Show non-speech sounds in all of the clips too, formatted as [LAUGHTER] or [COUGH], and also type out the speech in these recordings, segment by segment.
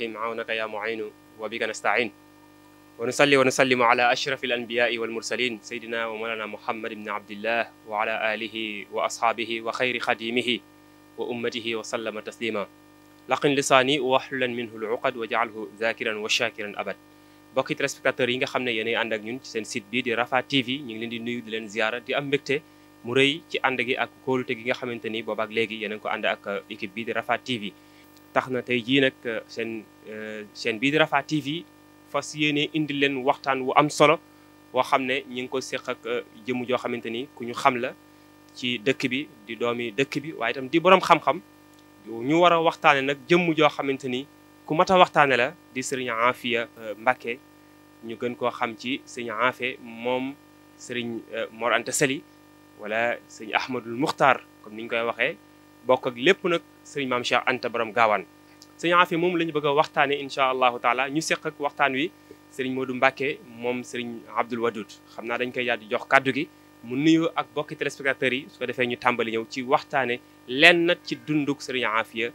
rahim awnaka ya mu'inu wa bika nasta'in wa nusalli wa nusallimu ala ashrafi al anbiyai wal mursalin sayyidina wa mawlana muhammad ibn abdillah wa ala alihi wa ashaabihi wa xayri xadimihi wa ummatihi wa sallama taslima laqin lisaani waxlulan minhu l uqad wa jaalhu zakiran wa shakiran abad mbokki téléspectateurs yi nga xam ne yéenay ànd ak ñun ci seen site bi di Rafah TV ñu ngi leen di nuyu di leen ziara di am mbégte mu rëy ci ànd gi ak kóolute gi nga xamante ni boobaak léegi yéen a ngi ko ànd ak équipe bi di Rafah TV tax na tey jii nag euh, seen chaîne euh, bii di Rafah TV fas yéene indi leen waxtaan wu am solo woo xam ne ñi ngi ko séq ak euh, jëmm joo xamante ni ku ñu xam la ci dëkk bi di doomi dëkk bi waaye itam di borom xam-xam ñu war a waxtaane nag jëmm joo xamante ni ku mat a waxtaane la di sëriñ Afia Mbacké ñu gën koo xam ci sëriñ Afia moom sëriñ Mor Anta Sali wala sëriñ Ahmadul Muxtaar comme ni koy waxee bokk ak lépp nag sëriñ maam Cheikh Anta borom gaawaan sëriñ Afi moom la ñu bëgg a waxtaane incha allahu taala ñu seq ak waxtaan wi sëriñ Modou Mbacke moom sëriñ Abdoul Wadoud xam naa dañ koy daal di jox kàddu gi mu nuyu ak bokki téléspectateurs yi su ko defee ñu tàmbali ñëw ci waxtaane lenn ci dunduk sëriñ Afia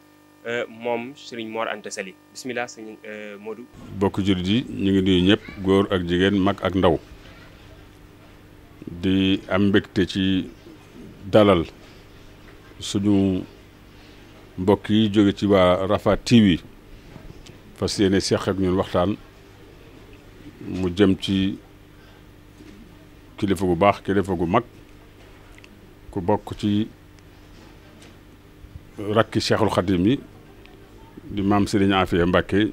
euh, moom sëriñ Mor Anta Sali bisimilah sëriñ euh, Modou. bokk jullit yi ñu ngi nuyu ñëpp góor ak jigéen mag ak ndaw di am mbégte ci dalal suñu mbokk yi jóge ci waa Rafah TV fas yéene seq ak ñun waxtaan mu jëm ci kilifa gu baax kilifa gu mag ku bokk ci rakki Cheikhul Khadim yi di maam Serigne Afia Mbacke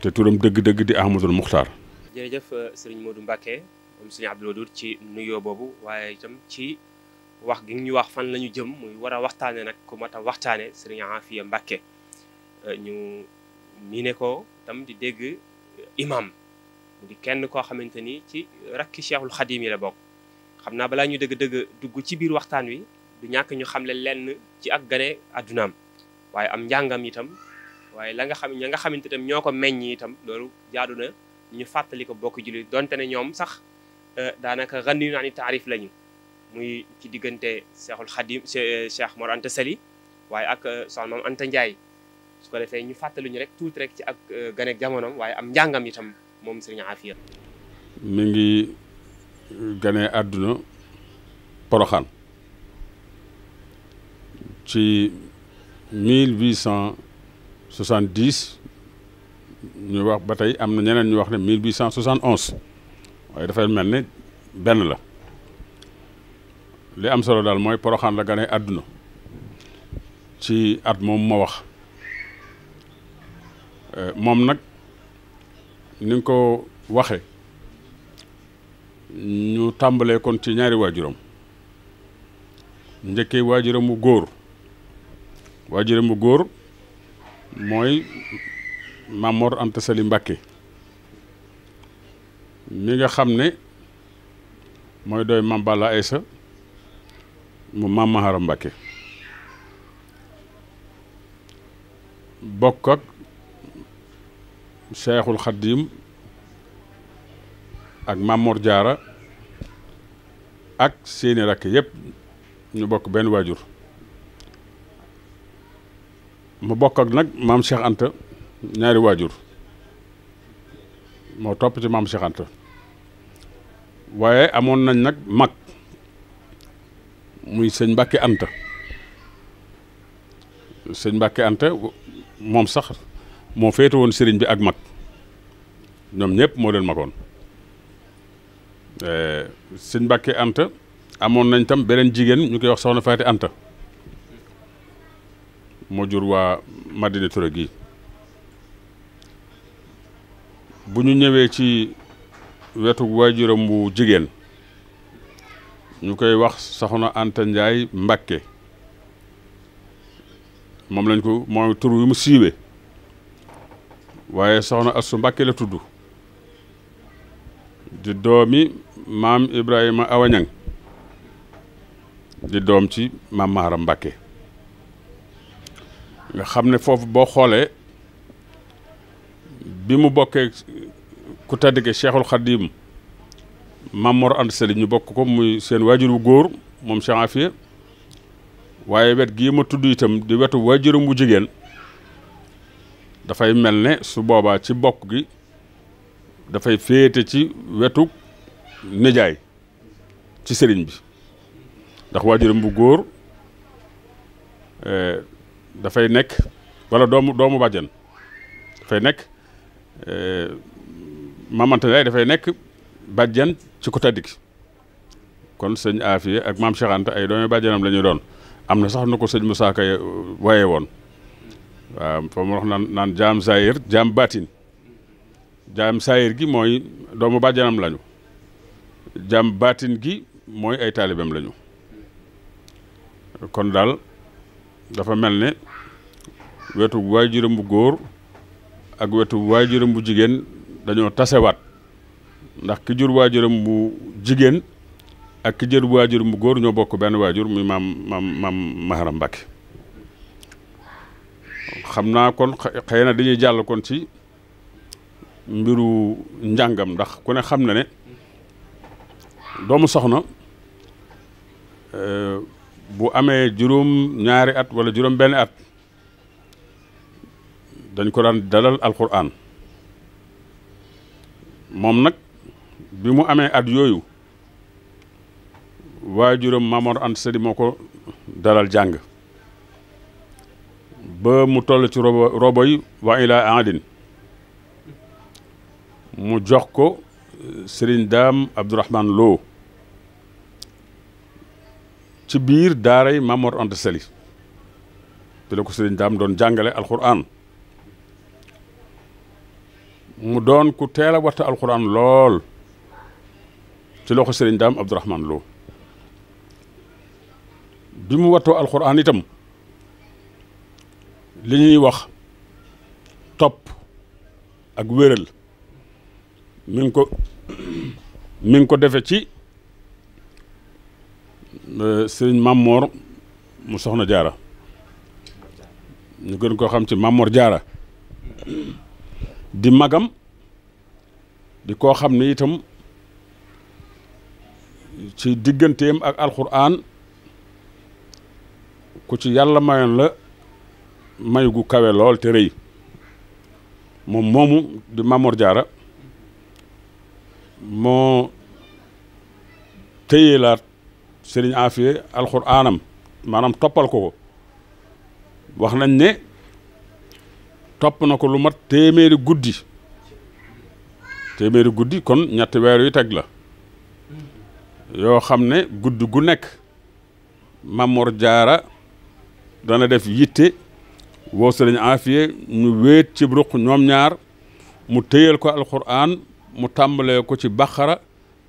te turam dëgg-dëgg di Ahmadul Muxtaar. jërëjëf Serigne Modou Mbacke moom ci nuyoo boobu waaye itam ci. wax gi ñu wax fan la ñu jëm muy war a waxtaane nag ku mat a waxtaane sëriñ Afia Mbàkke euh, ñu mi ne ko tam di dégg euh, imam di kenn koo xamante ni ci rakki cheikhul xadim la bokk xam naa balaa ñu dëgg-dëgg dugg ci biir waxtaan wi du ñàkk ñu xamle lenn ci ak gane àddunaam waaye am njàngam yitam waaye la nga xam ña nga xamante itam ñoo ko meññ itam loolu jaadu na ñu fàttali ko bokk julli donte ne ñoom sax euh, daanaka ran yu naa ni taarif lañu muy ci diggante Cheikhul Khadim Cheikh Mor Anta Sali waaye ak euh, soxna Maam Anta Ndiaye su ko defee ñu fàttali rek tuuti rek ci ak euh, ganeeg jamonoom waaye am njàngam itam moom sëriñ Afia mi ngi ganee àdduna Poroxaan ci 1870 ñu wax ba tey am na ñeneen ñu wax ne 1871 waaye dafay mel ne benn la li am solo daal mooy poroxaan la gane àdduna ci at moom ma wax eh, moom nag ni ko waxe ñu tàmbalee kon ci ñaari waajuram njëkkee waajuram bu góor waajuram bu góor mooy Mamor Anta Sali Mbàkke mi nga xam ne mooy doy Mambala Aysa mu maam Mahara Mbacke bokk ak Cheikhul Khadim ak Mamor Diarra ak seeni rakk yépp ñu bokk benn waajur mu bokk nag maam Cheikh ñaari waajur moo topp ci maam Cheikh waaye amoon nañ nag mag. muy sëñ Mbàkke Anta sëñ Mbàkke Anta moom sax moo féete woon sëriñ bi ak mag ñoom ñëpp moo den magoon eh, sëñ Mbàkke Anta amoon nañ tam beneen jigéen ñu koy wax soxna Faati Anta moo jur waa Madina gi bu ñu ñëwee ci wetu waajuram bu jigéen ñu koy wax soxna Anta Ndiaye Mbakke moom lañ ko mooy tur wi mu siiwee waaye soxna Assu Mbakke la tudd di doomi maam Ibrahima Awañang di doom ci maam Maaram Mbakke nga xam ne foofu boo xoolee bi mu bokkee ku tedd ki Cheikhul Khadim Maam Mor Anta Sali bokk ko muy seen waajur wu góor moom Cheikh Afia waaye wet gii ma tudd itam di wetu waajuram wu jigéen dafay mel ne su boobaa ci bokk gi dafay féete ci wetu nijaay ci sëriñ bi ndax waajuram bu góor e, dafay nekk walla doomu doomu bàjjan dafay nekk e, maamante nijaay dafay nekk bàjjan ci ko tàddi kon sëñ Afia ak maam Cheikh ay doomi bàjjanam la ñu doon am na sax nu ko sëñ Moussa Ka waaye uh, woon waaw fa mu wax naan naan jaam saayir jaam baatin jaam saayir gi mooy doomu bàjjanam lañu jaam baatin gi mooy ay taalibeem lañu kon daal dafa mel ne wetu waajuram bu góor ak wetu waajuram bu jigéen dañoo tasewaat ndax ki jur waajuram bu jigéen ak ki jur waajuram bu góor ñoo bokk benn waajur mu maam maam maam Maharam Mbàkke xam naa kon xëy na dañuy jàll kon ci mbiru njàngam ndax ku ne xam na ne doomu soxna euh, bu amee juróom ñaari at wala juróom benn at dañ ko daan dalal alxuraan moom nag bi mu amee at yooyu waajuram Mamor Anta Sali moo ko dalal jàng ba mu toll ci robo robo ilaa adin mu jox ko euh, Serigne Dame Abdourahmane loo ci biir daaray Mamor Anta Sali te ko Serigne Dame doon jàngale alxuraan mu doon ku teela a alxuraan lool ci loxo sëriñ daam Abdourahman Lo bi mu wattoo alxuraan itam li ñuy wax topp ak wéral mi ko mi ko defe ci euh, sëriñ Mamor mu soxna jaara ñu gën koo xam ci Mamor jaara di magam di koo xam ne itam ci digganteem ak alxuraan ku ci yàlla mayoon la may gu kawe lool te rëy moom moomu di Mamor Jaara moo téyeelaat Sëriñ Afiye alxuraanam maanaam toppal ko ko wax nañ ne topp na ko lu mat téeméeri guddi téeméeri guddi kon ñetti weer yu teg la yoo xam ne gudd gu nekk Mamor Jaara dana def yitte woo sëriñ Afiye ñu wéet ci ruq ñoom ñaar mu téyal ko alquran mu tàmbalee ko ci baqara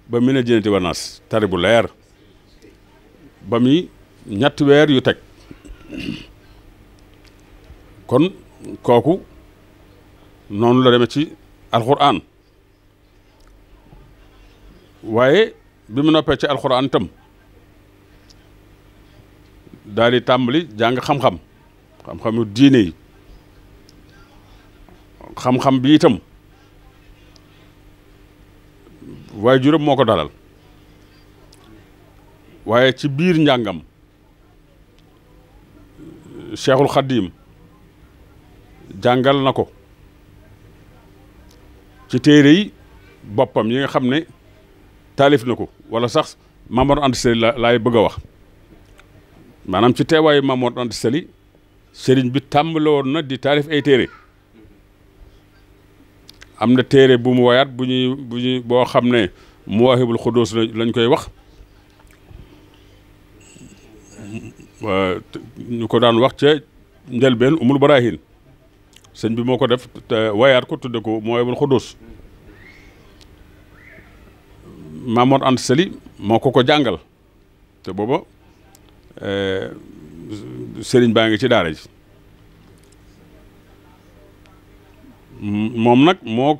ba mi ne jënati ba nas bu leer ba muy ñetti weer yu teg kon kooku noonu la demee ci alquran waaye bi mu noppee ci alxuraan tam daal di tàmbali jàng xam-xam xam-xamu diine yi xam-xam bi itam waaye juróom moo ko dalal waaye ci biir njàngam Cheikhul Khadim jàngal na ko ci téere yi boppam yi nga xam ne taalif na ko wala sax Mame Mor Anta Sali la laay bëgg a wax maanaam ci teewaayu Mame Mor Anta Sali sëriñ bi tàmbale woon na di taarif ay téere am na téere bu mu wayaat bu ñuy bu boo xam ne Muwaahibul Xuduus lañ koy wax ñu ko daan wax ca njëlbeen Umul Barahin sëñ bi moo ko def te wayaat ko tudde ko Muwaahibul Xuduus Maam Mor Anta moo ko ko jàngal te booba eh, sëriñ baa ngi ci daara ji moom nag moo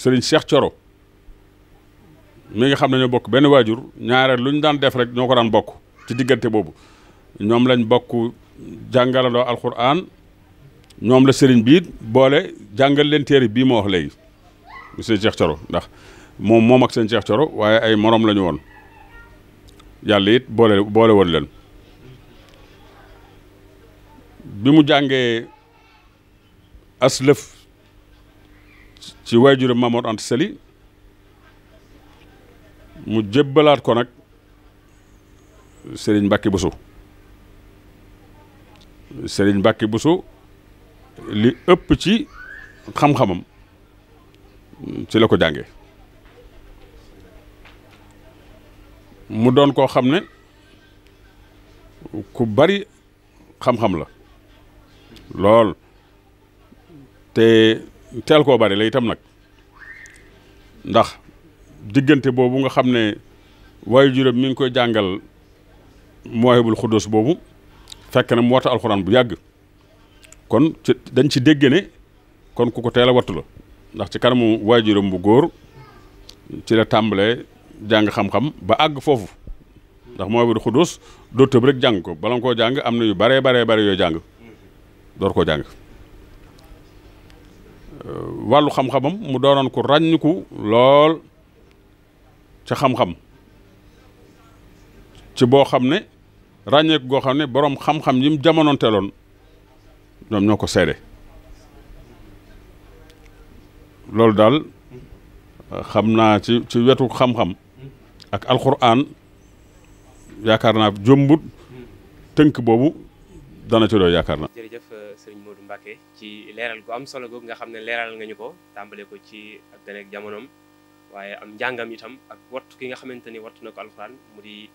sëriñ Cheikh Coro mi ngi xam ne ñoo bokk benn waajur ñaareel lu ñu daan def rek ñoo ko daan bokk ci diggante boobu ñoom lañ bokk jàngalandoo alxuraan ñoom la sëriñ biit boole jàngal leen téere bii ma wax léegi monsieur Cheikh Coro ndax moom moom ak seen Cheikh Thioro waaye ay moroom lañu woon yàlla it boole boole woon leen bi mu jàngee aslëf ci waajuru Mamoor Anta Sali mu jébbalaat ko nag Serigne Mbacke Bousso Serigne Mbacke Bousso li ëpp ci xam-xamam ci la ko jànge mu doon koo xam ne ku bari xam-xam la lool te teel koo bari la itam nag ndax diggante boobu nga xam ne waaye juróom mi ngi koy jàngal Mawahibul Xuddoos boobu fekk na mu wata alxuraan bu yàgg kon dañ ci dégg ne kon ku ko teel a wattu la ndax ci kanamu waajuram bu góor ci la tàmbalee jàng xam-xam ba àgg foofu ndax Mawahibou Khoudoss doo tëb rek jàng ko bala nga jàng am na yu baree baree bare yoo jàng door ko jàng euh, wàllu xam-xamam mu doonoon ko ràññiku lool ci xam-xam ci boo xam ne ràññeeku goo xam ne boroom xam-xam yi mu jamonoonteeloon ñoom ñoo ko seede loolu daal euh, xam naa ci ci wetu xam-xam ak alxuraan yaakaar naa jombut tënk boobu dana ci doon jërëjëf euh, sëriñ Modou Mbacke ci leeral gu am solo googu nga xam ne leeral nga ñu ko tàmbale ko ci ak daneeg jamonoom waaye am njàngam itam ak wat ki nga xamante ni wattu na ko alxuraan mu di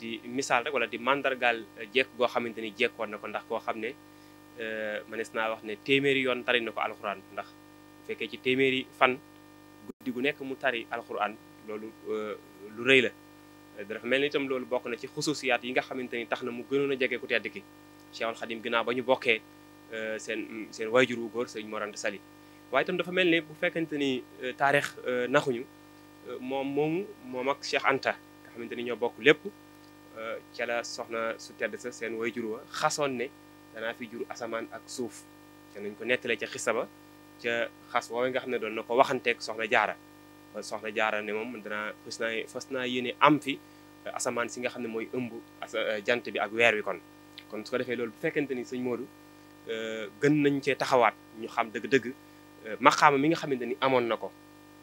di misaal rek wala di mandargaal euh, jekk goo xamante ni jekkoon na ko ndax koo xam ne euh, manes naa wax ne téeméeri yoon tari na ko alxuraan ndax bu ci téeméeri fan guddi gu nekk mu tari alxuraan loolu. lu rëy la eh, dafa mel ni itam loolu bokk na ci xususiyaat yi nga xamante ni tax na mu gënoon a jege ku tedd ki Cheikhul Khadim ginaaw ba ñu bokkee eh, seen seen waajur wu góor sëñ Mor Anta Sali waaye tam dafa mel ni bu fekkente ni eh, taarix naxuñu moom moom ak Cheikh Anta nga xamante ni ñoo bokk lépp ca la soxna su tedd sa seen waajur wa xasoon ne danaa fi jur asamaan ak suuf ca nañ ko nettalee ca xisa ba ca xas woowe nga xam ne doon na ko waxanteeg soxna jaar ba soxna jaara ne moom dana fas naa fas yéene am fi euh, asamaan si nga xam ne mooy ëmb euh, jant bi ak weer wi kon kon su ko defee loolu bu fekkente ni sëñ Modou euh, gën nañ cee taxawaat ñu xam dëgg-dëgg maqaama mi nga xamante ni amoon na ko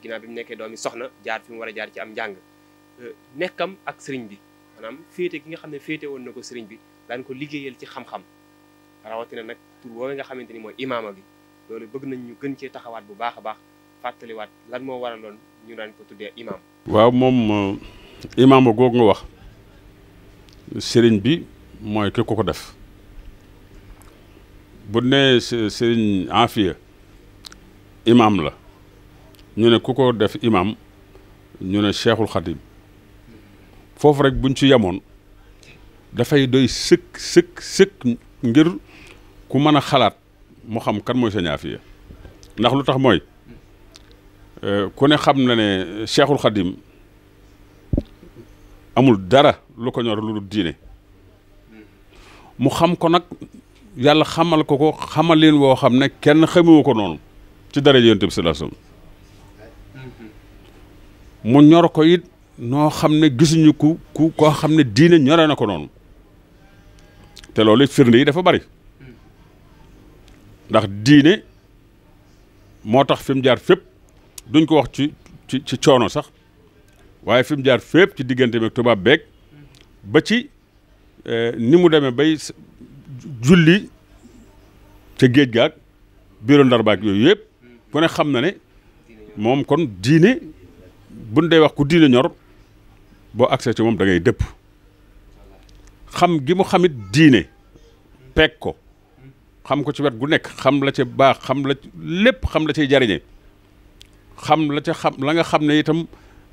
ginnaaw bi mu nekkee doomi soxna jaar fi mu war a jaar ci am njàng nekkam ak sëriñ bi maanaam féete gi nga xam ne féete woon na ko sëriñ bi daan ko liggéeyal ci xam-xam rawatina nag tur woowee nga xamante ni mooy imaama bi loolu bëgg nañ ñu gën cee taxawaat bu baax a baax fàttaliwaat lan moo waraloon waaw moom euh, imaam googu nga wax sëriñ bi mooy ki ko ko def bu nee sëriñ Afia imaam la ñu ne ku ko def imaam ñu ne Cheikhul Khadim foofu rek buñ ci yemoon dafay doy sëkk sëkk sëkk ngir ku mën a xalaat mu xam kan mooy sëñ Afia ndax lu tax mooy. Euh, ku ne xam na ne Cheikhul Khadim amul dara lu ko ñor lu dul diine mu xam ko nag yàlla xamal ko ko xamal leen woo xam ne kenn xamewu ko noonu ci dara yonent bi sallallahu alayhi wasallam mu ñor ko it noo xam ne gisuñu ku ku koo xam ne diine ñore na ko noonu te loolu firnde yi dafa bari ndax diine moo tax fi jaar fépp duñ ko wax ci ci ci coono sax waaye fi mu jaar fépp ci diggante bi tubaab beeg ba ci euh, ni mu demee bay julli ca géej gaag biiru ndar baag yooyu yëpp ku ne xam na ne moom kon diine buñ day wax ku diine ñor boo accès ci moom dangay dëpp xam gi mu xamit diine peeg ko xam ko ci wet gu nekk xam la ca baax xam la lépp xam la cay jariñe xam la ca la nga xam ne itam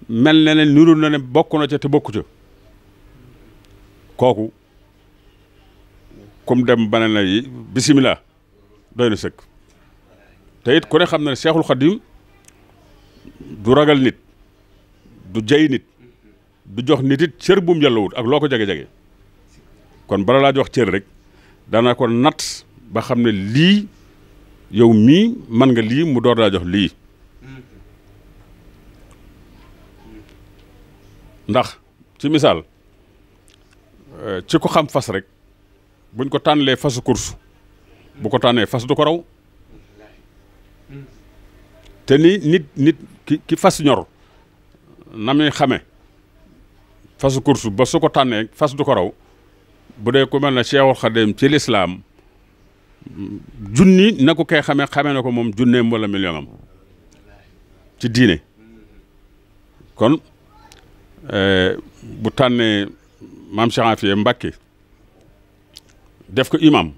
mel na ne nuru na ne bokk na ca te bokku ca kooku kum dem bana na yi bisimilah doy na sëkk te it ku xam na ne Seexul Xadim du ragal nit du jay nit du jox nit it cër bu mu yàllawut ak loo ko jage-jage kon bala jox cër rek dana ko natt ba xam ne lii yow mii mën nga lii mu door daa jox lii ndax ci misaal euh, ci ko xam fas rek buñ ko tànnalee fasu course bu ko tànnee fas du ko raw te ni nit nit ki ki fas ñor na muy xame fasu course ba soo ko tànnee fas du ko raw bu dee ku mel ne Cheikhul Khadim ci lislaam junni na ko kay xame xame na ko moom junneem wala million am ci diine kon bu tànnee maam Cheikh Afia Mbacké def ko imam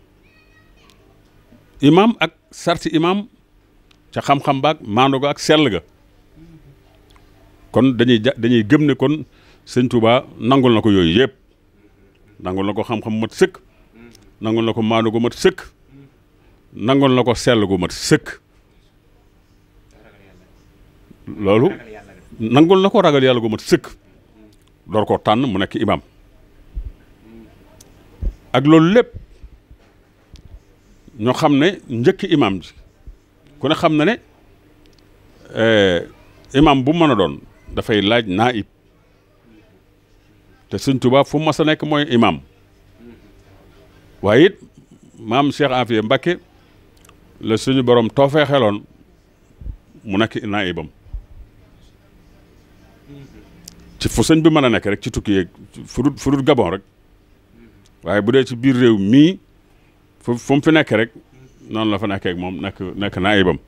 imam ak sarti imam ca xam-xam baag maando ga ak sell ga kon dañuy ja dañuy gëm ne kon sëñ Touba nangul na ko yooyu yëpp nangul na ko xam-xam mat sëkk nangul na ko maando gu mat sëkk nangul na ko sell gu mat sëkk loolu nangul na ko ragal yàlla gu mat sëkk door ko tànn mu nekk imam ak loolu lépp ñoo xam ne njëkk imam ji ku xam na ne eh, imam bu mën a doon dafay laaj naib te suñ Tuubaa fu mas a nekk mooy imam waaye it maam Cheikh Afiya Mbakke la suñu borom toofee xeloon mu nekk naibam ci fu sëñ bi mën a nekk rek ci tukki yeeg fu dul fu dul gabon rek waaye bu dee ci biir réew mii fu fu fi nekk rek noonu la fa nekkeek moom nekk nekk naayibam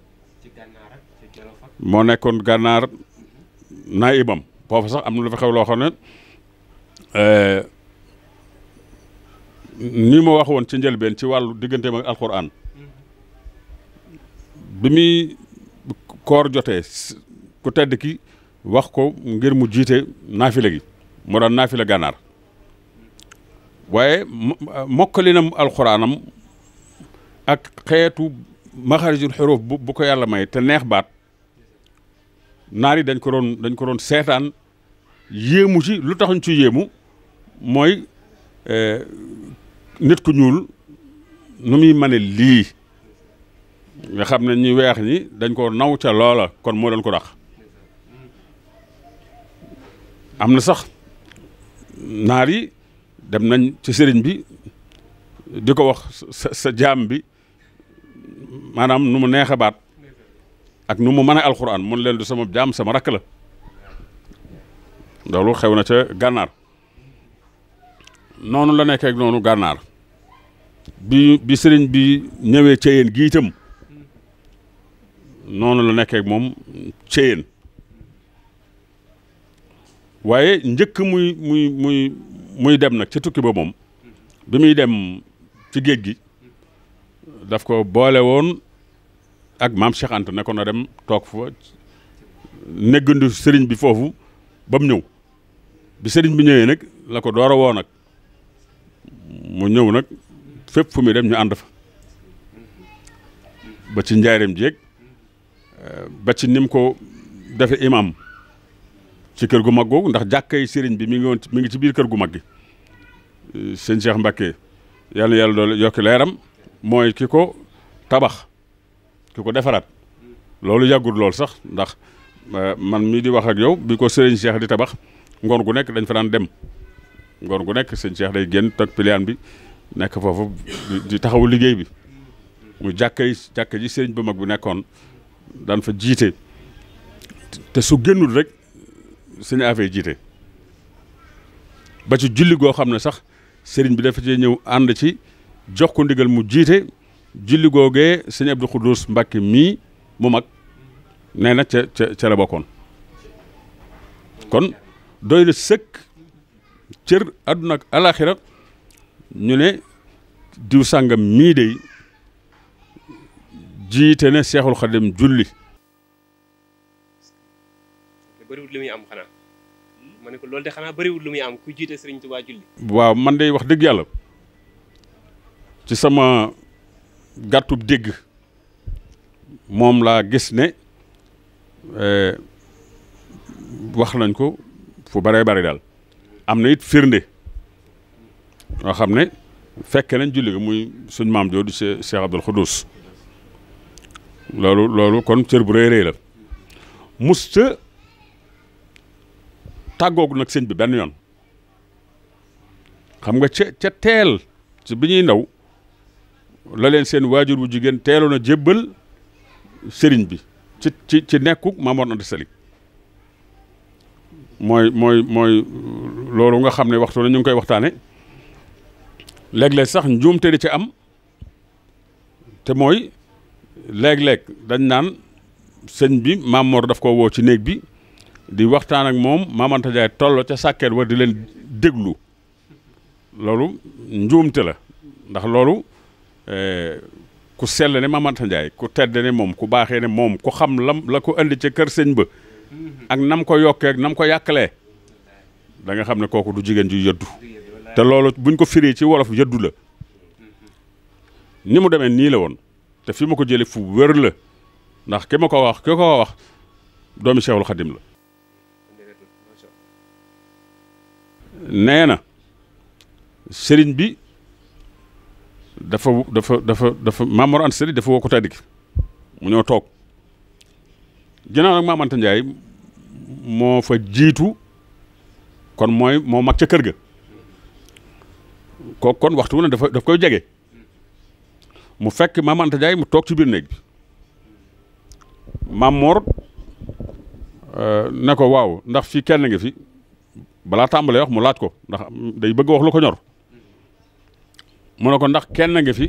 moo nekkoon gànnaar naayibam foofu sax am na lu fa xew loo xam ne eh, ni ma wax woon ci njëlbeen ci wàllu digganteem ak alxuraan mm-hmm. bi muy koor jotee ku tedd ki wax ko ngir mu jiite naafila gi moo daan naafila gànnaar waaye mokkalinam alxuraanam ak xeetu maxarijul xuruf bu ko yàlla may te neex baat naar yi dañ ko doon dañ ko doon seetaan yéemu ci lu taxuñ ci yéemu mooy eh, nit ku ñuul nu muy mane lii nga xam ne ñi weex ñi dañ ko naw ca loola kon moo doon ko dax am na sax naar yi dem nañ ci sëriñ bi di ko wax sa sa jaam bi maanaam nu mu neex baat ak nu mu mën a alxuraan mun leen du sama jaam sama rakk la loolu xew na ca gànnaar noonu la nekkee noonu gànnaar bi bi sëriñ bi ñëwee ceyeen gi noonu la nekkee moom ceyeen waaye njëkk muy muy muy muy dem nag ci tukki ba moom bi muy dem ci géej gi daf ko boole woon ak maam Cheikh nekkoon a dem toog fa néggandu sëriñ bi foofu ba mu ñëw bi sëriñ bi ñëwee nag la ko door woo nag mu ñëw nag fépp fu muy dem ñu ànd fa ba ci njaareem jéeg eh, ba ci nim ko defe imam ci kër gu mag googu ndax yi sëriñ bi mi ngi woon mi ngi ci biir kër gu mag gi euh, sëñ Cheikh Mbacke yàlla yàlla doole yokki leeram mooy ki ko tabax ki ko defaraat loolu yàggul lool sax ndax euh, man mii di wax ak yow bi ko sëriñ Cheikh di tabax ngoor gu nekk dañ fa daan dem ngoor gu nekk sëñ Cheikh day génn toj piliaan bi nekk foofu di taxawu liggéey bi mu jàkkay jàkka yi sëriñ bu mag bi nekkoon daan fa jiite te su génnul rek. suñu affaire jiite ba ci julli goo xam ne sax sëriñ bi dafa cee ñëw ànd ci jox ko ndigal mu jiite julli googee sëñ Abdou Khoudous Mbacke mii mu mag nee na ca ca kon doy na sëkk cër àdduna ak alaaxira ñu ne diw sàngam mii de jiite ne seexul xadim julli. ma loolu de xanaa bëriwul lu muy am ku jiite Serigne Touba julli. waaw man de wax dëgg yàlla ci sama gàttub dégg moom laa gis ne eh, wax nañ ko fu bëree bëri daal am na it firnde yoo xam ne fekke nañ julli ga muy suñ maam jooju Cheikh Abdoul Khoudous loolu loolu kon cër bu rëy rëy la musta tàggoogu nag sëñ bi benn yoon xam nga ca ca teel ci bi ñuy ndaw la seen waajur wu jigéen teeloon a jébbal sëriñ bi ci ci ci nekkuk Mamoor Anta Sali mooy mooy mooy loolu nga xam ne waxtu na ñu koy waxtaane léeg-léeg sax njuumte di ci am te mooy léeg-léeg dañ naan sëñ bi Mamoor daf ko woo ci néeg bi di waxtaan ak moom Maam Anta Njaay toll ca sàkket wa di leen déglu loolu njuumte la ndax loolu eh, ku seele ne Maam Anta Njaay ku tedd ne moom ku baaxee ne moom ku xam lam la ko indi ca kër señ ba ak nam ko yokkee ak nam ko yàqalee danga xam ne kooku du jigéen ju yëddu te loolu buñ ko firi ci wolof yëddu la ni mu demee nii la woon te fi ma ko jëlee fu wër la ndax ki ma ko wax ki ko wax doomi Seexul Xadim la nee na sëriñ bi dafa dafa dafa dafa Maam Mor Anta Sali dafa woo mu ñoo toog ginnaaw nag Maam Njaay moo fa jiitu kon mooy moo mag ca kër ga ko kon waxtu wu dafa daf koy jege mu fekk Maam Njaay mu toog ci biir néeg bi Maam Mor euh, ne ko waaw ndax fii kenn nga fi balaa tàmbalee wax mu laaj ko ndax day bëgg wax lu ko ñor mu ne ko ndax kenn nga fi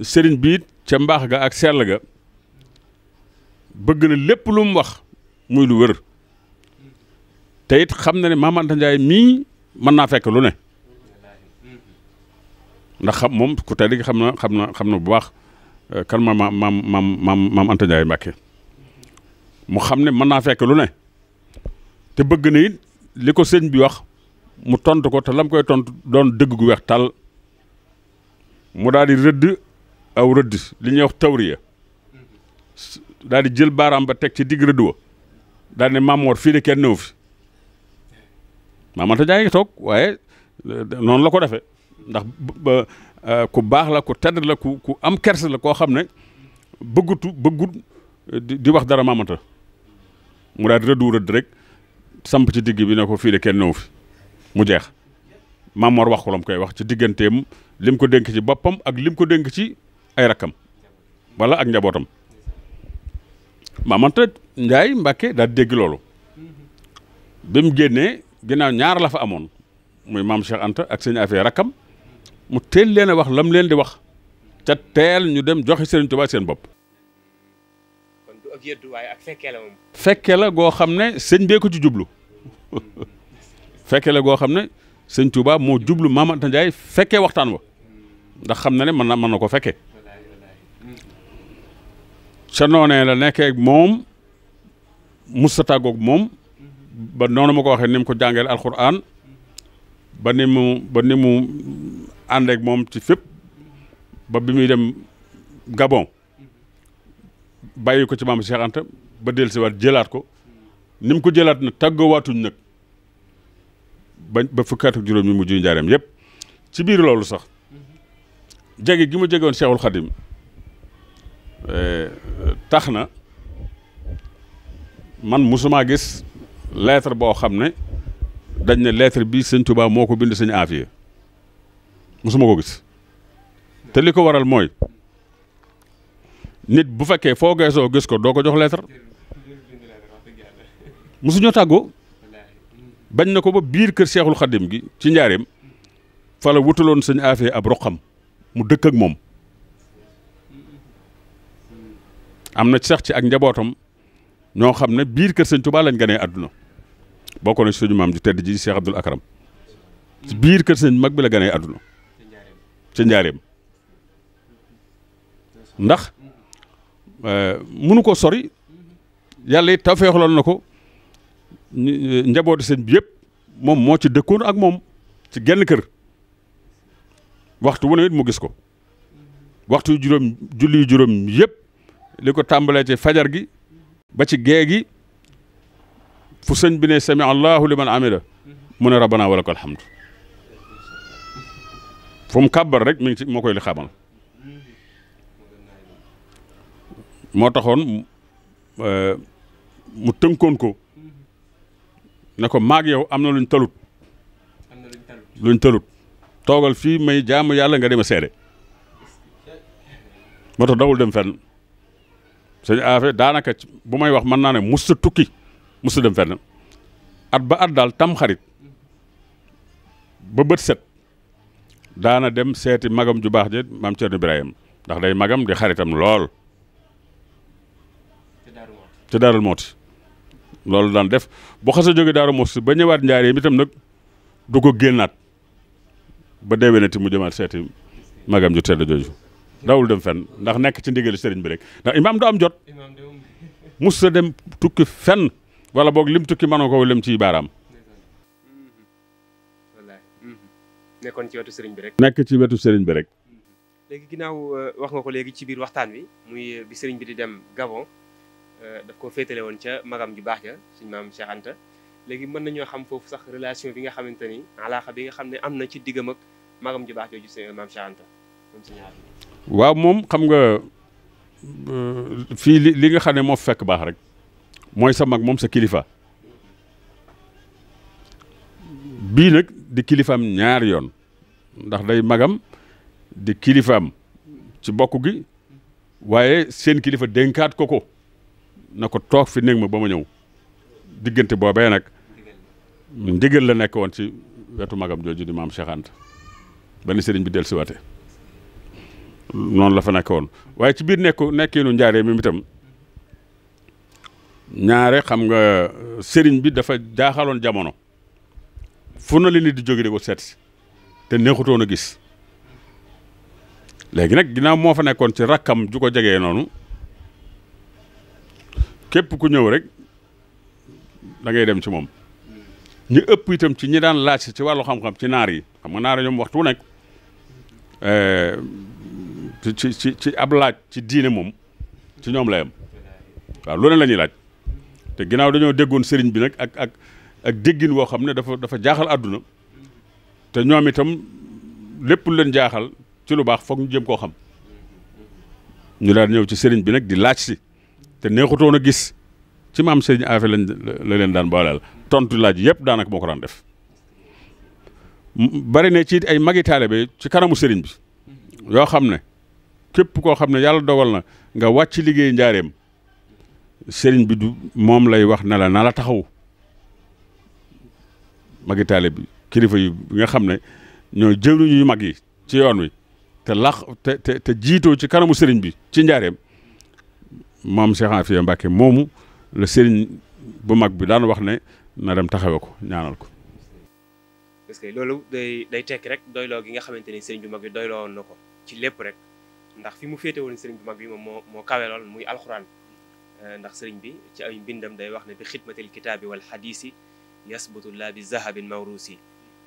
sëriñ biit ca mbaax ga ak sell ga bëgg na lépp lu mu wax muy lu wër te it xam na ne Maam Anta Njaay mii mën naa fekk lu ne ndax xam moom ku tey xam na xam na xam na bu baax euh, kan ma maam maam maam maam Anta Njaay Mbàkke mu xam ne mën naa fekk lu ne te bëgg na it li ko sëñ bi wax mu tontu ko te lam koy tontu doon dëgg gu weex tàll mu daal di rëdd aw rëdd li ñuy wax tawriya daal di jël baaraam ba teg ci digg rëdd wa daal ne Mamor fii de kenn néew fi Mamanta Njaay ngi toog waaye euh, noonu la ko defe ndax euh, ku baax la ku tedd la ku am kerse la koo xam ne bëggutu bëggut di wax dara Mamanta mu daal di rëddu rëdd rek. samp ci digg bi ne ko fii de kenn ñëw fi mu jeex Mamor wax ko lam koy wax ci digganteem lim ko dénk ci boppam ak lim ko dénk ci ay rakkam wala ak njabootam Maamanta Njaay Mbàkke daal dégg loolu bi mu génnee ginnaaw ñaar la fa amoon muy maam Cheikh Anta ak sëñ affaire rakkam mu teel leen a wax lam leen di wax ca teel ñu dem joxe Sëriñ Tuubaa seen bopp. waaye ak fekke la goo xam ne sëñ bee ko ci jublu fekke la goo xam ne sëñ Touba moo jublu Maam Anta Ndiaye fekkee waxtaan wa ndax xam na ne mën na mën na ko fekke sa noonee la nekkee moom musta tàggoog moom ba noonu ma ko waxee ni mu ko jàngeel alxuraan ba ni mu ba ni mu àndeek moom ci fépp ba bi muy dem Gabon bàyyi ko ci maam ba Anta ba dellusiwaat jëlaat ko ni mu ko jëlaat nag tàggowaatuñ nag ba ba fukki at ak juróom yi mujj njaareem yëpp ci biir loolu sax jege gi mu jegoon woon Cheikhul Khadim eh, tax na man musuma gis lettre boo xam ne dañ ne lettre bi sëñ Touba moo ko bind sëñ Afia musuma ko gis te li ko waral mooy. nit bu fekkee foo geesoo gis ko doo ko jox lettre mosuñoo tàggoo bañ na ko ba biir kër seexul xaddim gi ci njaareem fala la wutaloon sëñ aafee ab roqam mu dëkk ak moom am na sax ci ak njabootam ñoo xam ne biir kër sëñ Tuubaa lañ ganee boo ko na suñu maam ju tedd ji Cheikh Abdoul Akram biir kër sëñ mag bi la ganee àdduna ci njaareem ndax Euh, mënu ko sori yàlla it tawfeexloon na ko euh, njabootu sëñ bi yépp moom moo ci dëkkoon ak moom ci genn kër waxtu wu ne mu gis ko waxtu juróom julli juróom yépp li ko tàmbalee ci fajar gi ba ci gee gi fu sëñ bi ne sami allahu liman amida mu ne rabbana walakal hamdu fu mu kàbbar rek mi ngi moo koy li xamal moo taxoon euh, mu tënkoon ko ne ko maag yow am na luñ talut luñ talut toogal fii may jaamu yàlla nga deme a seede moo tax dawul dem fen sëñ affaire daanaka bu may wax mën naane ne musta tukki musta dem fenn at ba at daal tam xarit ba bët set daana dem seeti magam ju baax je maam Thierno Ibrahima ndax day magam di xaritam lool ca moo Muxti loolu daan def boo xasa jógee Daaru Muxti ba ñëwaat njaareem itam nag du ko génnaat ba déwénati mu jëmaat seeti magam ju tedd dawul dem fenn ndax nekk ci ndigalu sëriñ bi rek ndax imaam jot mus dem tukki fenn wala boog lim tukki mënoo ko lim ciy baaraam nekkoon ci wetu sëriñ bi rek. nekk ci wetu sëriñ bi rek. léegi ginnaaw euh, wax nga ko léegi ci biir waxtaan wi muy euh, bi sëriñ bi di dem Gabon. Euh, daf koo féetale woon ca magam ju baax ja suñu maam Cheikh léegi mën nañoo xam foofu sax relation bi nga xamante ni alaaxa bi nga xam ne am na ci diggam ak magam ju baax jooju suñu waaw moom xam nga fii li li nga xam ne moo fekk baax rek mooy sa mag moom sa kilifa bii nag di kilifaam ñaari yoon ndax day magam di kilifaam ci bokk gi waaye seen kilifa dénkaat ko ko na ko toog fi néeg ma ba ma ñëw diggante boobee nag ndigal la nekk woon ci wetu magam jooju di maam Cheikh Anta ba bi del si noonu la fa waaye ci biir nekku nekkiinu njaaree mi itam ñaare xam nga sëriñ bi dafa jaaxaloon jamono fu na li di jóge di ko seet si te neexutoon a gis léegi nag ginnaaw moo fa nekkoon ci rakkam ju ko jegee noonu képp ku ñëw rek da ngay dem ci moom ñu ëpp yitam ci ñi daan laaj ci wàllu xam-xam ci naar yi xam nga naar ñoom waxtu nekk eh, ci ci ab laaj ci diine moom ci ñoom layam yem waaw loolu la ñuy laaj te ginnaaw dañoo déggoon sëriñ bi nag ak ak ak déggin woo xam ne dafa dafa jaaxal àdduna te ñoom itam lépp lu leen jaaxal ci lu baax foog ñu jëm xam ñu daan ñëw ci sëriñ bi nag di laaj si. te neexutoon a gis ci maam Serigne Afe lañ la leen daan booleel tontu laaj yëpp daanaka moo ko daan def bari na ci ay magi taalibe ci kanamu Serigne bi yoo xam ne képp koo xam ne yàlla dogal na nga wàcc liggéey njaareem Serigne bi du moom lay wax ne la na la taxaw magi taalibe bi kilifa yi nga xam ne ñoo jëwriñu yu mag yi ci yoon wi te lax te te te jiitoo ci kanamu Serigne bi ci njaareem maam Cheikh Afia Mbacke moomu la sëriñ bu mag bi daan wax ne na dem taxawe ko ñaanal ko. parce que loolu day day tekki rek doyloo gi nga xamante ne sëriñ bu mag bi doyloo na ko ci lépp rek ndax fi mu féete woon sëriñ bu mag bi moom moo moo kawe lool muy alxuraan euh, ndax sëriñ bi ci ay mbindam day wax ne bi xidmatil kitaabi wal xadiisi yasbutu laa bi zahabin mawruusi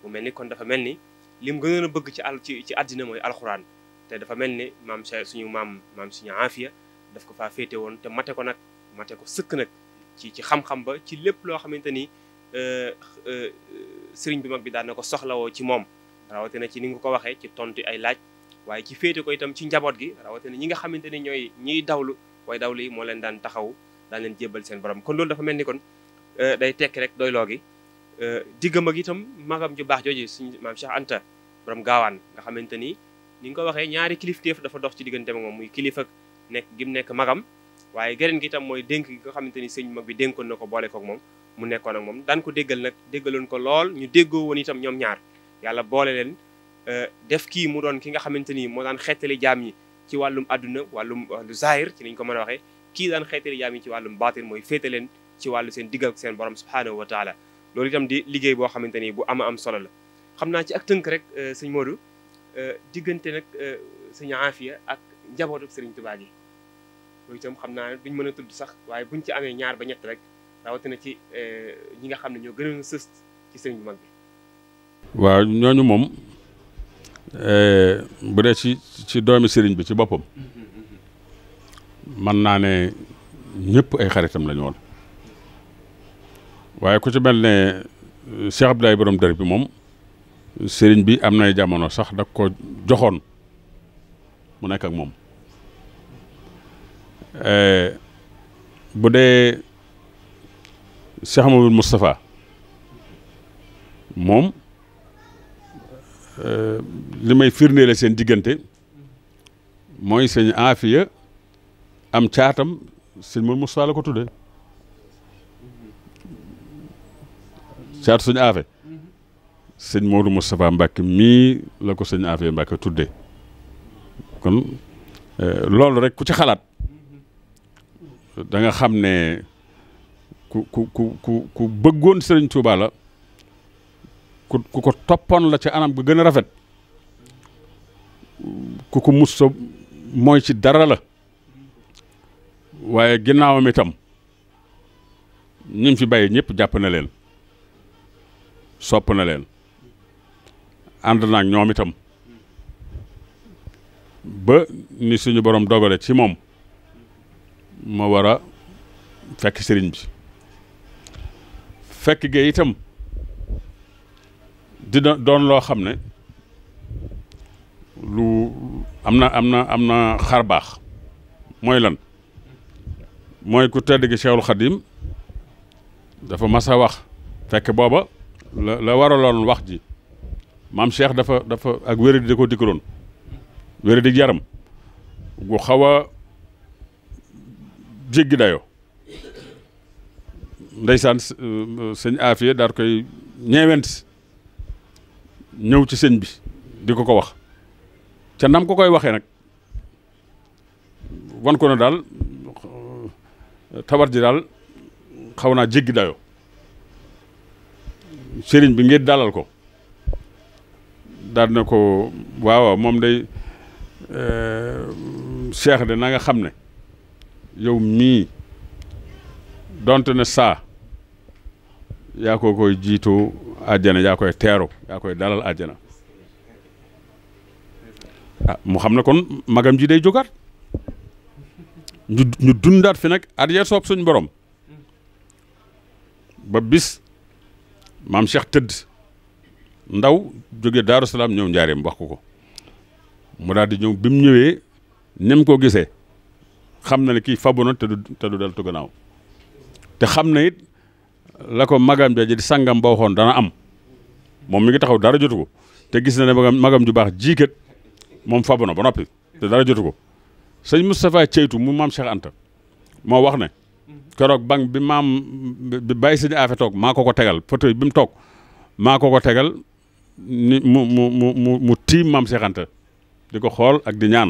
mu mel ni kon dafa mel ni lim gënoon a bëgg ci àll ci ci àddina mooy alxuraan te dafa mel ni maam suñu maam maam suñu aafiya daf ko faa féete woon te mate ko nag mate ko sëkk nag ci ci xam-xam ba ci lépp loo xamante ni euh, euh, sëriñ bi mag bi daan na ko soxlawoo ci moom rawatina ci ni nga ko waxee ci tontu ay laaj waaye ci féete ko itam ci njaboot gi rawatina ñi nga xamante ni ñooy ñiy dawlu waaye dawlu yi moo leen daan taxaw daan leen jébbal seen borom kon loolu dafa mel ni kon euh, day tekki rek doyloo gi diggam ak itam magam ju baax jooju suñu maam Cheikh Anta borom gaawaan nga xamante ni ni nga ko waxee ñaari kilifteef dafa dox ci diggante ak moom muy kilifa nekk gim nekk magam waaye geneen gi tam mooy dénk gi nga xamante ni sëñ mag bi dénkoon na ko boole kook moom mu nekkoon ak moom dan ko déggal nag déggaloon ko lool ñu déggoo woon itam ñoom ñaar yàlla boole leen euh, def kii mu doon ki nga xamante ni moo daan xeetali jaam ñi ci wàllum àdduna wàllu euh, zahir ci niñ ko mën a waxee kii daan xeetali jaam ñi ci wàllum baatin mooy féete leen ci wàllu seen diggal seen borom subhaanahu wa taala loolu itam di liggéey boo xamante ni bu ama am solo la xam naa ci ak tënk rek euh, sëñ Modou diggante nag sëñ Afia ak njabootu sëriñ Tuubaa gi loolu itam xam naa duñ mën a tudd sax waaye buñ ci amee ñaar ba ñett rek rawatina ci euh, ñi nga xam ne ñoo gën a sës ci sëriñ bu mag bi. waaw ñooñu moom euh, bu dee ci ci doomi sëriñ bi ci boppam mën naa ne ñëpp ay xaritam lañu ñu woon waaye ku ci mel ne euh, Cheikh Abdoulaye borom dër bi moom sëriñ bi am nay jamono sax da ko joxoon mu nekk ak moom. Eh, bu dee Cheikh Mamadou Moustapha moom eh, li may firndeele seen diggante mooy sëñ Afia am caatam sëñ Mamadou Moustapha la ko tudde caatu sëñ Afia sëñ Mamadou Moustapha Mbacke mii la ko sëñ Afia Mbacke tudde kon eh, loolu rek ku ci xalaat danga xam ne ku ku ku ku bëggoon sëriñ Touba la ku ku ko toppoon la ci anam gu gën a rafet ku ko mus sa mooy ci dara la waaye ginnaawam itam ñim fi bay ñëpp jàpp na leen sopp na leen ànd naag ñoom itam ba ni suñu borom dogale ci moom ma war a fekk sëriñ bi fekk ge itam di doon loo xam ne lu am na am na am na xar baax mooy lan mooy ku te gi Cheikhul Khadim dafa mas wax fekk booba la la waraloon wax ji maam Cheikh dafa dafa ak wéradi da ko dikkaloon wéradi yaram gu xaw jéggi dayoo ndeysaan euh, sëñ Afia daal koy ñeewent ñëw ci sëñ bi di ko ko wax ca nam ko koy waxee nag wan ko na daal euh, tawat ji daal xaw naa jéggi dayoo sëriñ bi ngir dalal ko daal na ko waaw moom day seex euh, de na nga xam ne yow mii donte ne saa yaa ko koy jiitu àjjana yaa koy teeru yaa koy dalal àjjana ah mu xam ne kon magam ji day jógaat ñu ñu dundaat fi nag at yee soob suñ borom ba bis mam Cheikh tëdd ndaw jóge Daaru ñëw njaareem wax ko ko mu daal ñëw bi ñëwee nim ko gisee xam na ne kii fabu na te du te du gannaaw te xam na it la ko magam ja di sangam ba waxoon dana am moom mi ngi taxaw dara jotu ko te gis na ne magam magam ju baax jiikat moom fabu na ba noppi te dara jotu ko sëñ Moustapha Ceytu mu maam Cheikh Anta moo wax ne keroog bank bi maam bi bay sëñ Afe toog maa ko ko tegal fauteuil bi mu toog maa ko tegal ni mu mu mu mu tiim maam Cheikh Anta di ko xool ak di ñaan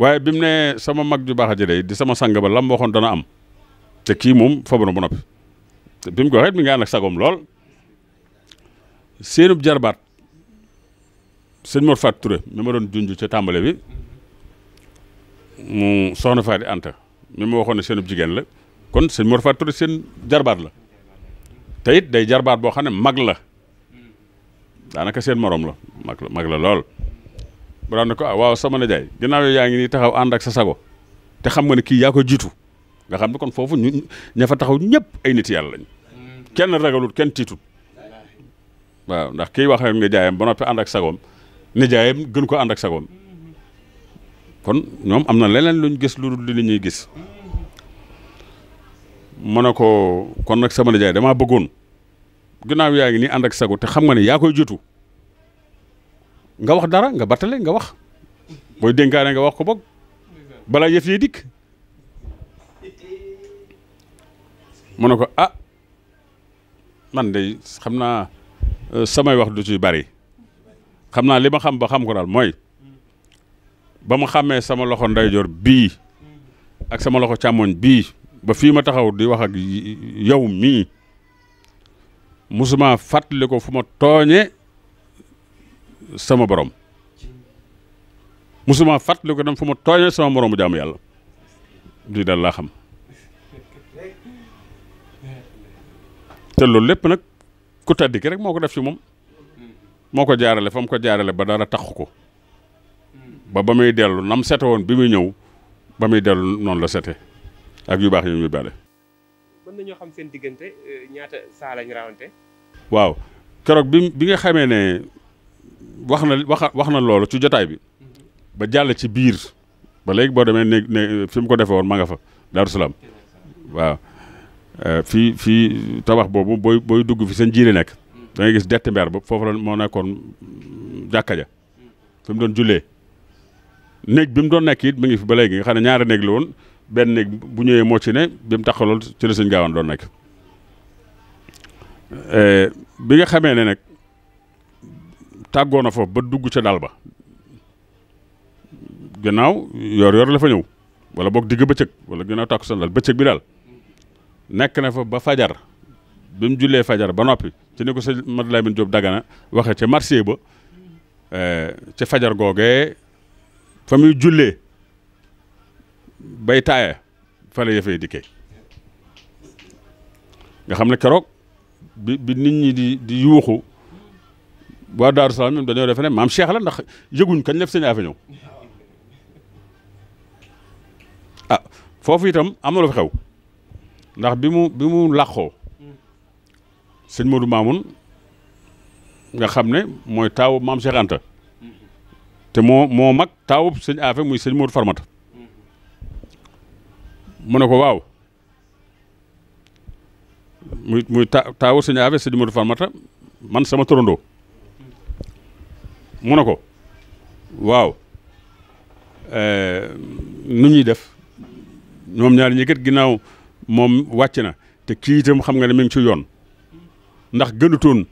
waaye bi ne sama mag ju baax a jëlee di sama sang ba lam waxoon dana am te kii moom fabu na bu noppi te bi mu ko waxee mi nga ànd ak sagoom lool seenub jarbaat sëñ Mor Fatou Touré mi ma tàmbale bi mu soxna Fatou Anta mi ma waxoon ne seenub jigéen la kon sëñ Mor Fatou seen jarbaat la te it day jarbaat boo xam ne mag la daanaka seen morom la mag la mag la lool. ba daan ne ko ah, waaw sama nijaay ginnaaw yaa ngi nii taxaw ànd ak sa sago te xam nga ne kii yaa ko jiitu nga xam ne kon foofu ñu ña fa taxaw ñëpp ay nit yàlla lañ kenn ragalut kenn tiitut waaw ndax kii wax ak nijaayam ba noppi ànd ak sagoom nijaayam gën ko ànd ak sagoom kon ñoom am na leneen luñ gis lu dul li ñuy gis mu ne ko kon nag sama nijaay damaa bëggoon ginnaaw yaa ngi nii ànd ak sago te xam nga ne yaa koy jiitu nga wax dara nga battale nga wax booy dénkaane nga wax ko boog balaa yëf yee dikk mu ne ko ah man de xam naa euh, samay wax du ci bari xam naa li ma xam ba xam ko daal mooy ba mu xamee sama loxo ndeyjoor bii ak sama loxo càmmoñ bii ba fii ma taxaw di wax ak yow mii musuma fàttali ko fu ma tooñee sama borom musuma fàttali ko dem fu ma tooñee sama moroomu jaamu yàlla lii daal laa xam te loolu lépp nag ku tàddi rek moo ko def ci moom moo ko jaarale fa mu ko jaarale ba daal a taxu ko ba ba muy dellu nam sete woon bi muy ñëw ba muy dellu noonu la sete ak yu baax yi ñu bale mën nañoo xam waaw keroog bi bi nga xamee ne wax na wax wax na loolu ci jotaay bi ba jàll ci biir ba léegi boo demee néeg ne fi ko defee woon ma nga fa Daaru Salaam waaw euh, fii fii tabax boobu booy booy dugg fi seen jiile nekk da ngay gis detti mbeer ba foofu la moo nekkoon jàkka ja fi mu doon jullee néeg bi mu doon nekk it mi ngi fi ba léegi nga xam ne ñaari néeg lool woon benn néeg bu ñëwee moo ci ne bi mu taxawal ci la sëñ gaawaan doon nekk euh, bi nga xamee ne nag tàggoo na fa ba dugg ca daal ba gannaaw yor yor la fa ñëw wala boog digg bëccëg wala gannaaw tàkkusaan daal bëccëg bi daal nekk na fa ba fajar bi mu jullee fajar ba noppi ci ni ko sëñ Mate Lamine Diop Dagana waxee ca marché ba eh, ca fajar googee fa muy jullee bay taaya fa la yëfee dikkee nga xam ne keroog bi bi nit ñi di di yuuxu waa Daaru Salaam ñoom dañoo defe ne maam Cheikh la ndax yëguñ kañ lef sëñ Afe ñëw ah foofu itam am na lu xew ndax bi mu bi mu làqoo sëñ Modou Mamoun nga xam ne mooy taawu maam Cheikh Anta te moo moo mag taawub sëñ Afe muy sëñ Modou Farmata mu ne ko waaw muy muy taawu sëñ Afe sëñ Modou Farmata man sama torondoo mu ne ko waaw eh, nu ñuy def ñoom ñaar ñi kat ginnaaw moom wàcc na te kii itam xam nga ne mi ngi ci yoon ndax gënutoon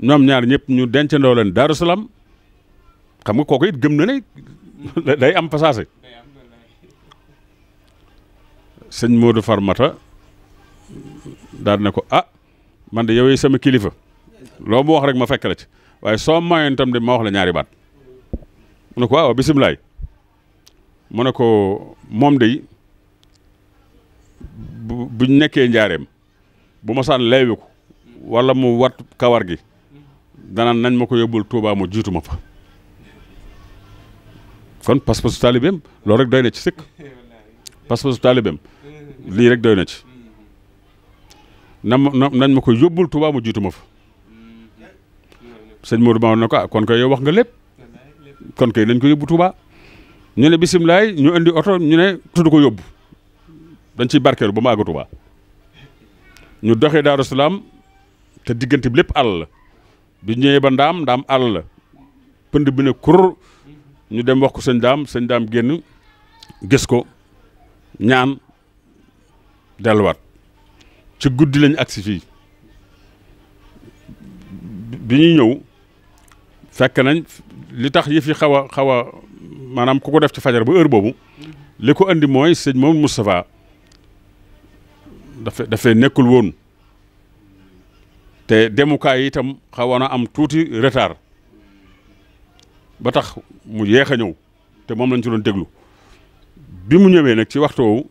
ñoom ñaar ñëpp ñu dencandoo leen Daaru Salaam xam nga kooku it gëm na ne [LAUGHS] day am passage sëñ Modou Farmata daal na ko ah man de yow sama kilifa loo mu wax rek ma fekk la ci. waaye soo mayoon tam de ma wax la ñaari baat mu ne ko waaw bisimilaay mu ne ko moom day bu nekkee njaareem bu ma saan leewi ko walla mu wat kawar gi danaan nañ ma ko yóbbul Touba mu jiitu ma fa kon pas-pasu taalibeem loolu rek doy na ci sëkk pas-pasu taalibeem lii rek doy na ci na nañ ma ko yóbbul Touba mu jiitu ma fa sëñ Modou Mamoune ne ko ah kon koy yow wax nga lépp kon koy dañ ko yóbbu Touba ñu ne bisimilaay ñu indi oto ñu ne tudd ko yóbbu dañ ciy barkeelu ba mu àgg Touba ñu doxee Daaru Salaam te diggante bi lépp àll la bi ñëwee ba ndaam ndaam àll la pënd bi ne kur ñu dem wax ko sëñ daam sëñ daam génn gis ko ñaan delluwaat ci guddi lañu agsi fii bi ñuy ñëw fekk nañ li tax yëf yi xaw a xaw a maanaam ku ko def ci fajar ba heure boobu li ko andi mooy sëñ moom Moustapha dafa dafa nekkul woon te demukaay itam xawoon a am tuuti retard ba tax mu yéex a ñëw te moom lañ ci doon déglu bi mu ñëwee nag ci waxtu woowu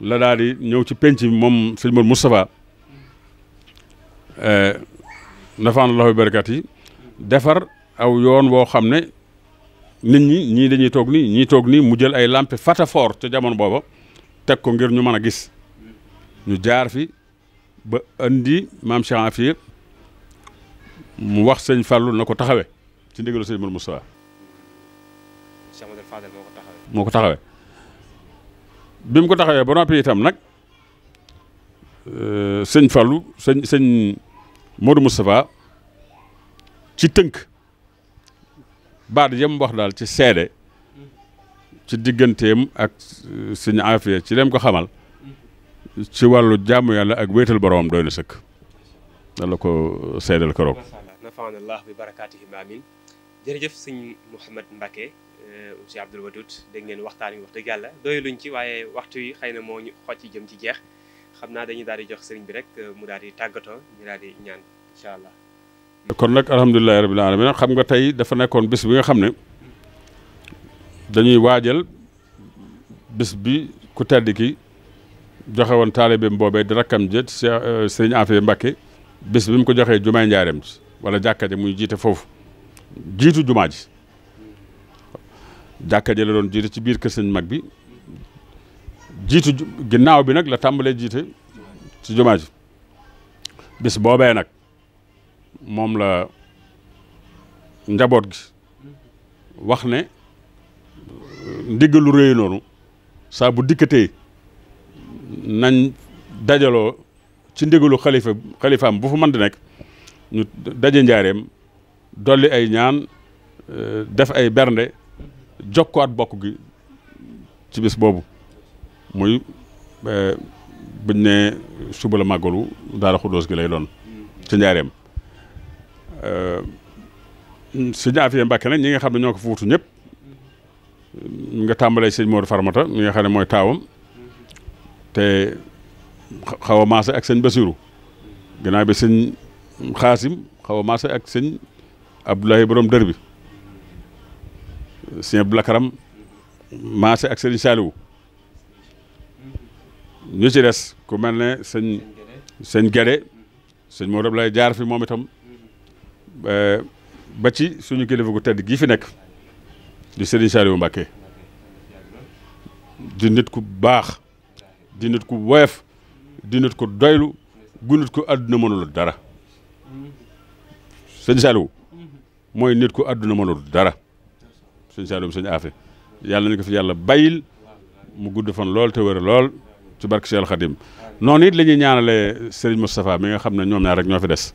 la daal di ñëw ci penc bi moom sëñ moom Moustapha eh, nafaanallahu barakaat yi defar aw yoon woo xam ne nit ñi ñii dañuy toog nii ñii toog nii mu jël ay làmpe fatafoor ca jamono booba teg ko ngir ñu man a gis ñu jaar fi ba indi maam Cheikh Afia mu wax sëñ fallu na ko taxawe ci ndigalu sëñ Mourou Moustapha moo ko taxawe bi mu ko taxawee ba noppi itam nag euh, sëñ Fallou sëñ sëñ Modou Moustapha ci tënk baat yam wax daal ci seede ci digganteem ak suñu aafiya ci dem ko xamal ci wàllu jàmm yàlla ak wéetal boroomam doy na sëkk dala ko seedal keroog nafaanallah bi barakaatihi amin jërëjëf sëñ Mouhamed Mbacke euh, monsieur Abdoul Wadoud dégg ngeen waxtaan wi wax dëgg yàlla doy luñ ci waaye waxtu yi xëy na moo ñu xoj ci jëm ci jeex xam naa dañuy daal di jox sëriñ bi rek euh, mu daal di tàggatoo ñu daal di ñaan incha allah kon nag alhamdulilahi rabbil alamin xam nga tey dafa nekkoon bis bi nga xam ne dañuy waajal bis bi ku tedd ki joxe woon taalibeem boobee di rakkam jët euh, sëriñ Afia Mbakke bis bi mu ko joxee jumaay njaareem wala jàkka muy jiite foofu jiitu jumaa ji jàkka ji la doon jiite ci biir kër mag bi jiitu ginnaaw bi nag la tàmbalee jiite ci jumaa ji bis boobee nag moom la njaboot gi wax ne ndiggalu rëy noonu saa bu dikkatee nañ dajaloo ci ndigalu xalifa xalifaam bu fa mën di nekk ñu daje njaareem dolli ay ñaan euh, def ay bernde jokkuwaat bokk gi ci bis boobu muy euh, buñ ne suba la màggalu daara xudóos gi lay doon ci njaareem Euh, mm, sëñ Afia Mbàkke nag ñi nga xam ne ñoo ko fa wutu ñëpp mm, nga tàmbalee sëñ Modou Farmata ñu nga xam ne mooy taawam te xaw a maase ak señ Basiru gannaaw bi Xaasim xaw a maase ak sëñ Abdoulaye borom dër bi sëñ Abdou Lakaram maase ak sëñ Saaliwu ñu ci des ku mel ne sëñ sëñ Gade sëñ Modou Abdoulaye jaar fi moom itam ba ci suñu kilifa gu tedd gii fi nekk di Serigne Saliou Mbacké di nit ku baax di nit ku woyof di nit ku doylu gu nit ku àdduna mënul dara sëñ Saliou mooy nit ku àdduna mënul dara sëñ Saliou sëñ Afe yàlla nañ ko fi yàlla bayil mu gudd fan lool te wér lool ci barke Cheikh Khadim noonu it la ñuy ñaanalee sëriñ Moustapha mi nga xam ne ñoom ñaar rek ñoo fi des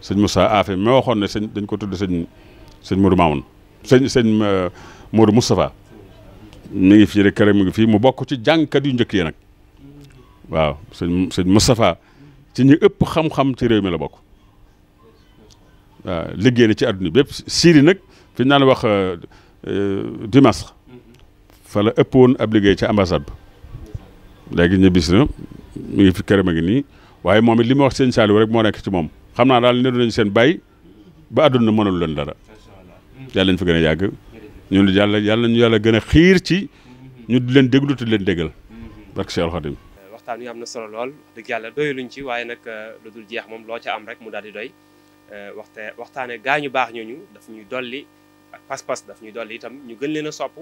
sëñ Moustapha Afe mi waxoon ne sëñ dañ ko tudd sëñ sëñ Modou Mamoun sëñ sëñ euh, Modou Moustapha mi ngi fii rek këram mi ngi fii mu bokk ci jàngkat yu njëkk yi nag waaw sëñ sëñ Moustapha ci ñi ëpp xam-xam ci réew mi la bokk liggéey na ci àdduna bépp siiri nag fi ñu naan wax euh, euh, Damas fa la ëpp woon ab liggéey ci ambassade ba léegi ñu bis na mi ngi fi këram ngi nii waaye moom it li ma wax seen Saliou rek moo nekk ci moom xam naa daal niru nañ seen bàyyi ba àdduna mënul leen dara yàlla ñu fa gën a yàgg ñun yàlla yàlla ñu yàlla gën a xiir ci ñu di leen déglu te leen déggal mm-hmm. barke Cheikh waxtaan wi am na solo lool dëgg yàlla doyaluñ ci waaye nag euh, lu dul jeex moom loo ca am rek mu daal di doy euh, waxte waxtaane gaa ñu baax ñooñu daf ñuy dolli ak pas-pas daf ñuy dolli itam ñu gën leen a sopp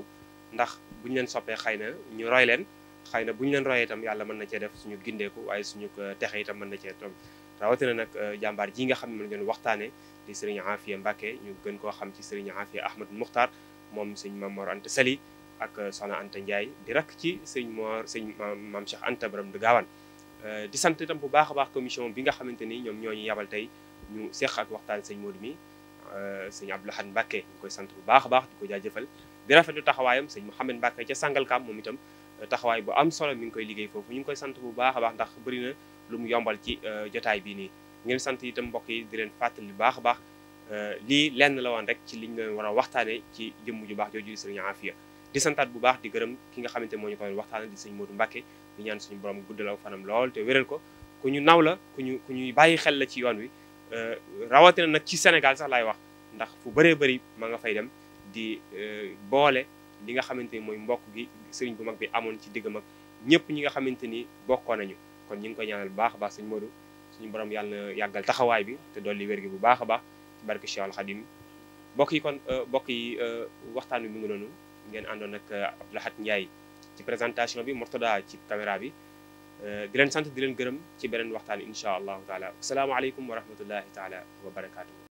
ndax buñ leen soppee xay na ñu roy leen xëy na bu ñu leen royee itam yàlla mën na cee def suñu gindeeku waaye suñu euh, texe itam mën na cee toog rawatina nag euh, jàmbaar ji nga xam ne mën ngeen waxtaane di sëriñ Afia Mbacke ñu gën koo xam ci sëriñ Afia Ahmad Muxtaar moom sëñ Mamor Anta Sali ak euh, soxna Anta Ndiaye di ci sëñ Mor sëñ Maam Cheikh Anta Borom du Gaawaan di sant itam bu baax a baax commission bi nga xamante ni ñoom ñoo ñu yabal tey ñu seq ak waxtaan sëñ Modou mi sëñ Abdou Lahad Mbacke ñu koy sant baax a baax di ko jaajëfal di rafetlu taxawaayam sëñ Mouhamed Mbacke ca Sangalkam moom itam taxawaay bu am solo mi ngi koy liggéey foofu ñu ngi koy sant bu baax a baax ndax bëri na lu mu yombal ci euh, jotaay bii nii ngeen sant itam mbokk yi di leen fàttali bu baax a baax euh, lii lenn la woon rek ci liñ leen war a waxtaane ci jëmm ju baax jooju di sëriñ di santaat bu baax di gërëm ki nga xamante moo ñu ko waxtaane di sëñ Modou Mbacké di ñaan suñu borom guddalaw fanam lool te wéral ko ku ñu naw la ku ñu ku ñuy bàyyi xel la ci yoon wi euh, rawatina nag ci Sénégal sax laay wax ndax fu bëree bëri ma nga fay dem di boole li nga xamante ni mooy mbokk gi sëriñ bu mag bi amoon ci digg mag ñëpp ñi nga xamante ni bokkoo nañu kon ñu ngi koy ñaanal bu baax a baax sëñ Modou suñu borom yàlla yàggal taxawaay bi te dolli wér gi bu baax a baax ci barke Cheikh Al Khadim mbokk yi kon euh, mbokk yi euh, waxtaan wi mu ngi noonu ngeen àndoon ak euh, Abdou Lahad Ndiaye ci présentation bi Mourtada ci caméra bi di leen sant di leen gërëm ci beneen waxtaan incha allahu taala asalaamaaleykum wa rahmatullahi taala wa barakaatu.